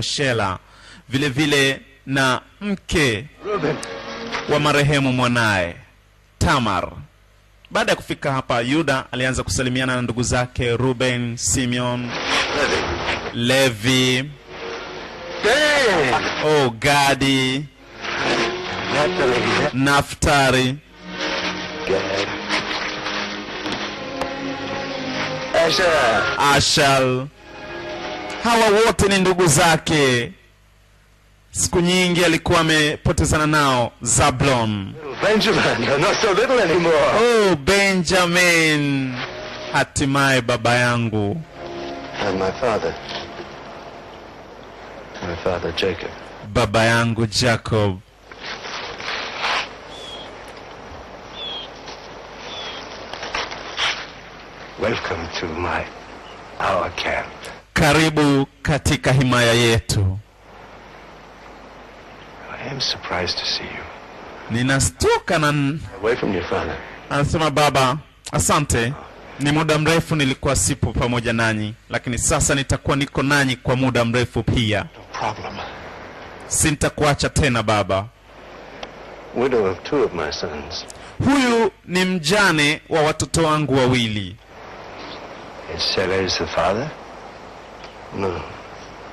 Shela, vile vile na mke Ruben wa marehemu mwanaye Tamar. Baada ya kufika hapa, Yuda alianza kusalimiana na ndugu zake Ruben, Simeon, Levi, oh, Gadi, Naftari, Asher hawa wote ni ndugu zake. Siku nyingi alikuwa amepotezana nao Zablon. Benjamin, so Oh, Benjamin, hatimaye baba yangu. And my father. My father Jacob. Baba yangu Jacob. Welcome to my our camp karibu katika himaya yetu. I am surprised to see you. Ninastuka na anasema, baba, asante, ni muda mrefu nilikuwa sipo pamoja nanyi, lakini sasa nitakuwa niko nanyi kwa muda mrefu pia. No problem. Sintakuacha tena baba. Widow of two of my sons. Huyu ni mjane wa watoto wangu wawili. Is Ceres the father? no.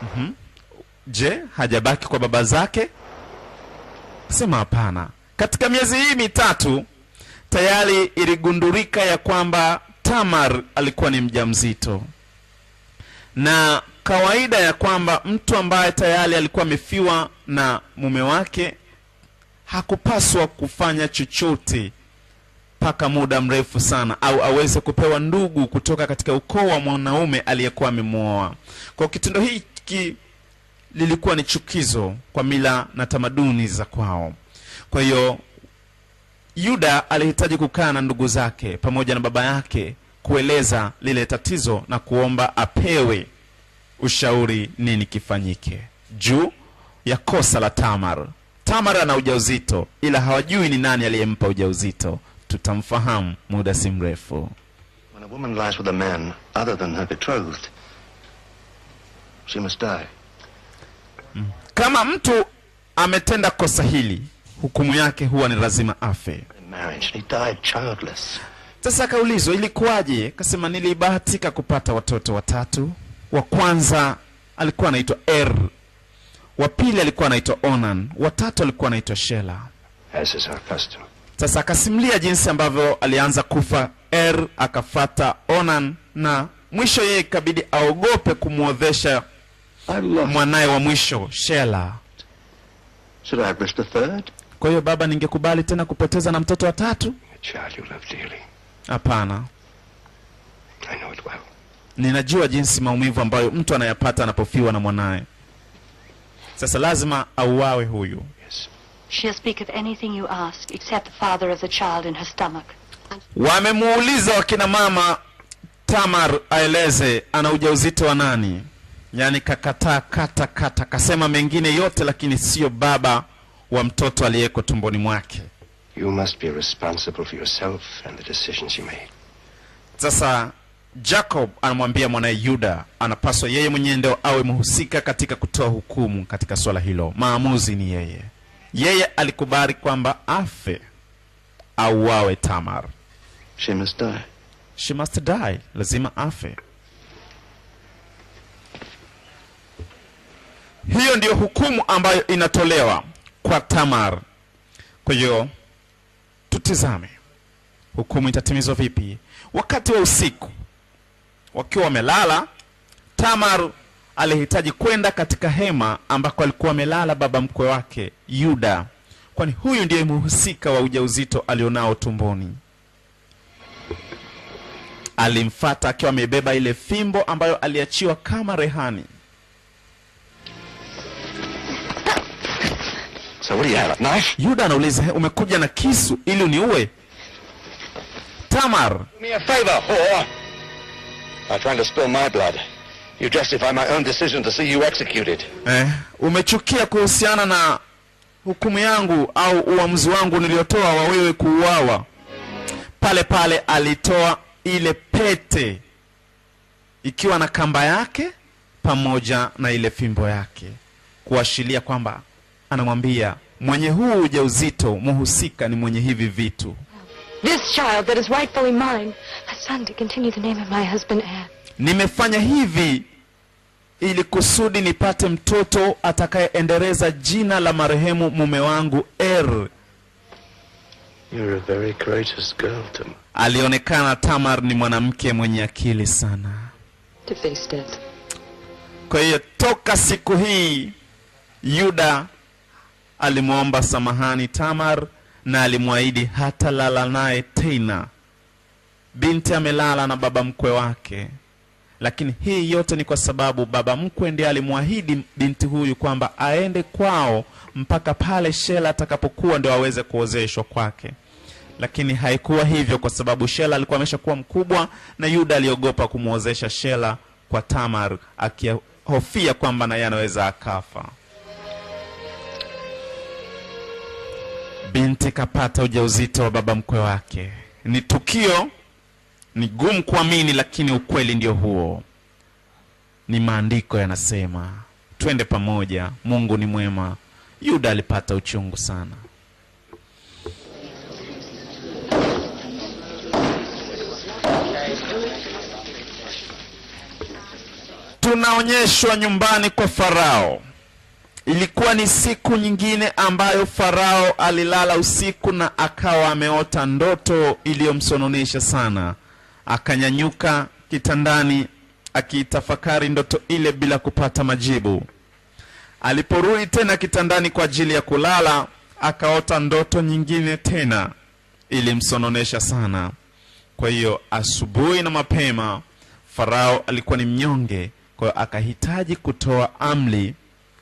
mm-hmm. Je, hajabaki kwa baba zake? Sema hapana. Katika miezi hii mitatu tayari iligundulika ya kwamba Tamar alikuwa ni mjamzito, na kawaida ya kwamba mtu ambaye tayari alikuwa amefiwa na mume wake hakupaswa kufanya chochote mpaka muda mrefu sana, au aweze kupewa ndugu kutoka katika ukoo wa mwanaume aliyekuwa amemwoa. Kwa kitendo hiki lilikuwa ni chukizo kwa mila na tamaduni za kwao. Kwa hiyo Yuda alihitaji kukaa na ndugu zake pamoja na baba yake kueleza lile tatizo na kuomba apewe ushauri nini kifanyike juu ya kosa la Tamar. Tamar ana ujauzito ila hawajui ni nani aliyempa ujauzito tutamfahamu muda si mrefu. When a woman lies with a man other than her betrothed, she must die. Mm. Kama mtu ametenda kosa hili, hukumu yake huwa ni lazima afe. Sasa akaulizwa ilikuwaje, akasema nilibahatika kupata watoto watatu. Wa kwanza alikuwa anaitwa Er, wa pili alikuwa anaitwa Onan, watatu alikuwa anaitwa Shela. As is our custom. Sasa akasimulia jinsi ambavyo alianza kufa, Er akafata Onan, na mwisho yeye ikabidi aogope kumwodhesha mwanaye wa mwisho Shela. Kwa hiyo baba, ningekubali tena kupoteza na mtoto wa tatu? Hapana. Well. Ninajua jinsi maumivu ambayo mtu anayapata anapofiwa na mwanaye. Sasa lazima auawe huyu. Yes. She'll speak of anything you ask except the father of the child in her stomach. Wamemuuliza wakina mama Tamar aeleze ana ujauzito wa nani, yaani kakataa kata kata, kasema mengine yote lakini sio baba wa mtoto aliyeko tumboni mwake. You must be responsible for yourself and the decisions you made. Sasa Jacob anamwambia mwanaye Yuda anapaswa yeye mwenyewe ndio awe mhusika katika kutoa hukumu katika swala hilo, maamuzi ni yeye yeye alikubali kwamba afe auawe Tamar. She must die. She must die, lazima afe. Hiyo ndiyo hukumu ambayo inatolewa kwa Tamar. Kwa hiyo tutizame hukumu itatimizwa vipi. Wakati wa usiku wakiwa wamelala, Tamar alihitaji kwenda katika hema ambako alikuwa amelala baba mkwe wake Yuda, kwani huyu ndiye mhusika wa ujauzito alionao tumboni. Alimfata akiwa amebeba ile fimbo ambayo aliachiwa kama rehani. So Yuda anauliza, umekuja na kisu ili uniue? Tamar, me a favor, oh, oh. You justify my own decision to see you executed. Eh, umechukia kuhusiana na hukumu yangu au uamuzi wangu niliotoa wa wewe kuuawa. Pale pale alitoa ile pete ikiwa na kamba yake pamoja na ile fimbo yake, kuashiria kwamba anamwambia mwenye huu ujauzito muhusika ni mwenye hivi vitu. This child that is rightfully mine, a son to continue the name of my husband Anne. Nimefanya hivi ili kusudi nipate mtoto atakayeendeleza jina la marehemu mume wangu Er. Alionekana Tamar ni mwanamke mwenye akili sana. Kwa hiyo toka siku hii Yuda alimwomba samahani Tamar na alimwahidi hatalala naye tena. Binti amelala na baba mkwe wake. Lakini hii yote ni kwa sababu baba mkwe ndiye alimwahidi binti huyu kwamba aende kwao mpaka pale Shela atakapokuwa ndio aweze kuozeshwa kwake. Lakini haikuwa hivyo, kwa sababu Shela alikuwa ameshakuwa mkubwa, na Yuda aliogopa kumwozesha Shela kwa Tamar, akihofia kwamba naye anaweza akafa. Binti kapata ujauzito wa baba mkwe wake. Ni tukio ni gumu kuamini, lakini ukweli ndio huo, ni maandiko yanasema. Twende pamoja, Mungu ni mwema. Yuda alipata uchungu sana. Tunaonyeshwa nyumbani kwa Farao. Ilikuwa ni siku nyingine ambayo Farao alilala usiku na akawa ameota ndoto iliyomsononesha sana. Akanyanyuka kitandani akiitafakari ndoto ile bila kupata majibu. Aliporudi tena kitandani kwa ajili ya kulala, akaota ndoto nyingine tena, ilimsononesha sana. Kwa hiyo asubuhi na mapema, Farao alikuwa ni mnyonge, kwa hiyo akahitaji kutoa amri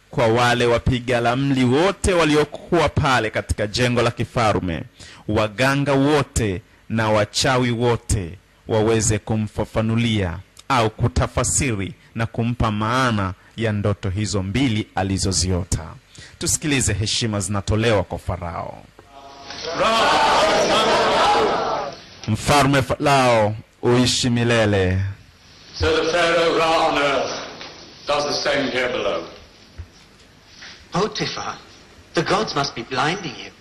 kwa wale wapiga ramli wote waliokuwa pale katika jengo la kifarume, waganga wote na wachawi wote waweze kumfafanulia au kutafasiri na kumpa maana ya ndoto hizo mbili alizoziota. Tusikilize heshima zinatolewa kwa Farao. Mfalme Farao, uishi milele. So the Pharaoh Ra on earth does the same here below. Potiphar, oh, the gods must be blinding you.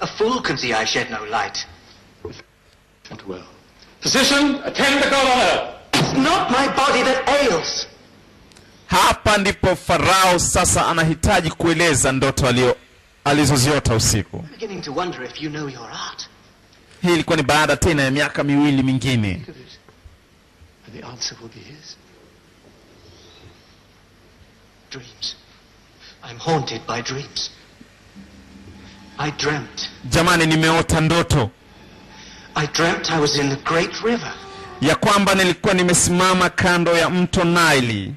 A fool can see I shed no light. well. Physician, attend the God on earth. It's not my body that ails. Hapa ndipo Farao sasa anahitaji kueleza ndoto alio alizoziota usiku. I'm Beginning to wonder if you know your art. Hii ilikuwa ni baada tena ya miaka miwili mingine. And the answer will be his. Dreams. I'm haunted by dreams. I dreamt. Jamani, nimeota ndoto. I dreamt I was in the great river. Ya kwamba nilikuwa nimesimama kando ya mto Naili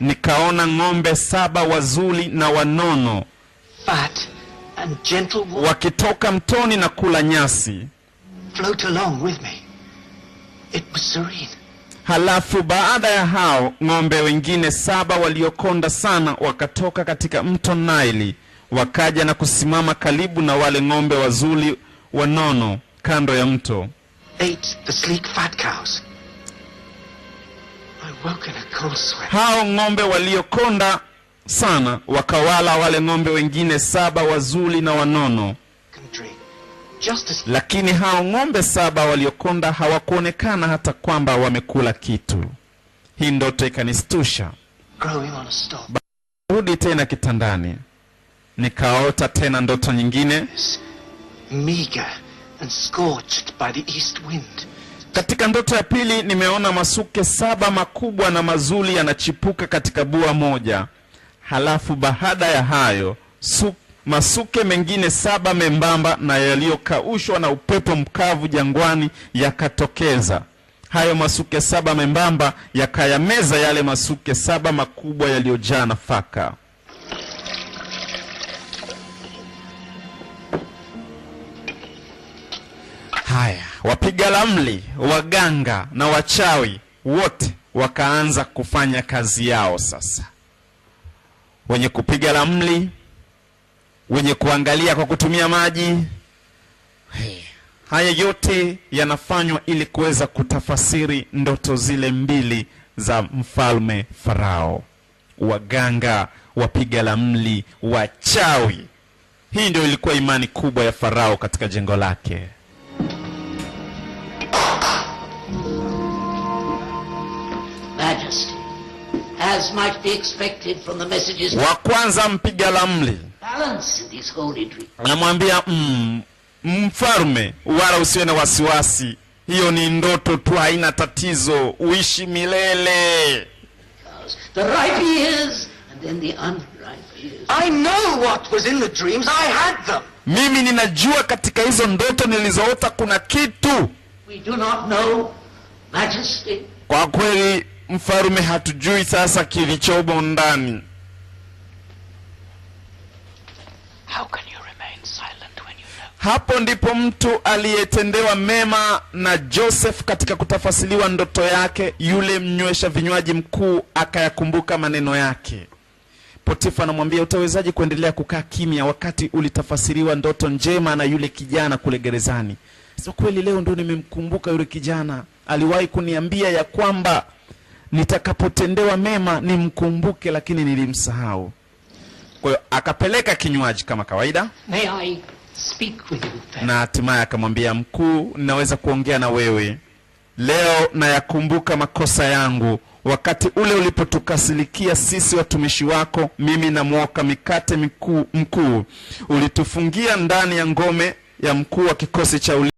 nikaona ng'ombe saba wazuri na wanono Fat and gentle wakitoka mtoni na kula nyasi. Float along with me. It was serene. Halafu baada ya hao ng'ombe wengine saba waliokonda sana wakatoka katika mto Naili wakaja na kusimama karibu na wale ng'ombe wazuri wanono kando ya mto. Hao ng'ombe waliokonda sana wakawala wale ng'ombe wengine saba wazuri na wanono. Lakini hao ng'ombe saba waliokonda hawakuonekana hata kwamba wamekula kitu. Hii ndoto ikanistusha. Rudi tena kitandani, nikaota tena ndoto nyingine and scorched by the east wind. Katika ndoto ya pili nimeona masuke saba makubwa na mazuri yanachipuka katika bua moja. Halafu baada ya hayo su, masuke mengine saba membamba na yaliyokaushwa na upepo mkavu jangwani yakatokeza. Hayo masuke saba membamba yakayameza yale masuke saba makubwa yaliyojaa nafaka. Haya, wapiga ramli, waganga na wachawi wote wakaanza kufanya kazi yao sasa. Wenye kupiga ramli, wenye kuangalia kwa kutumia maji. haya yote yanafanywa ili kuweza kutafasiri ndoto zile mbili za mfalme Farao. Waganga, wapiga ramli, wachawi. Hii ndio ilikuwa imani kubwa ya Farao katika jengo lake. as might be expected from the messages. Wa kwanza mpiga ramli namwambia mm, mfalme, wala usiwe na wasiwasi, hiyo ni ndoto tu, haina tatizo, uishi milele. The right years and then the unripe years. I know what was in the dreams. I had them. Mimi ninajua katika hizo ndoto nilizoota kuna kitu. We do not know majesty. Kwa kweli mfarume hatujui sasa kilichomo ndani. Hapo ndipo mtu aliyetendewa mema na Joseph katika kutafasiliwa ndoto yake, yule mnywesha vinywaji mkuu akayakumbuka maneno yake. Potifa anamwambia, utawezaje kuendelea kukaa kimya wakati ulitafasiriwa ndoto njema na yule kijana kule gerezani? Sio kweli, leo ndio nimemkumbuka yule kijana, aliwahi kuniambia ya kwamba nitakapotendewa mema nimkumbuke, lakini nilimsahau. Kwa hiyo akapeleka kinywaji kama kawaida, na hatimaye akamwambia mkuu, ninaweza kuongea na wewe leo, nayakumbuka makosa yangu wakati ule ulipotukasirikia sisi watumishi wako, mimi na mwoka mikate mkuu, mkuu ulitufungia ndani ya ngome ya mkuu wa kikosi cha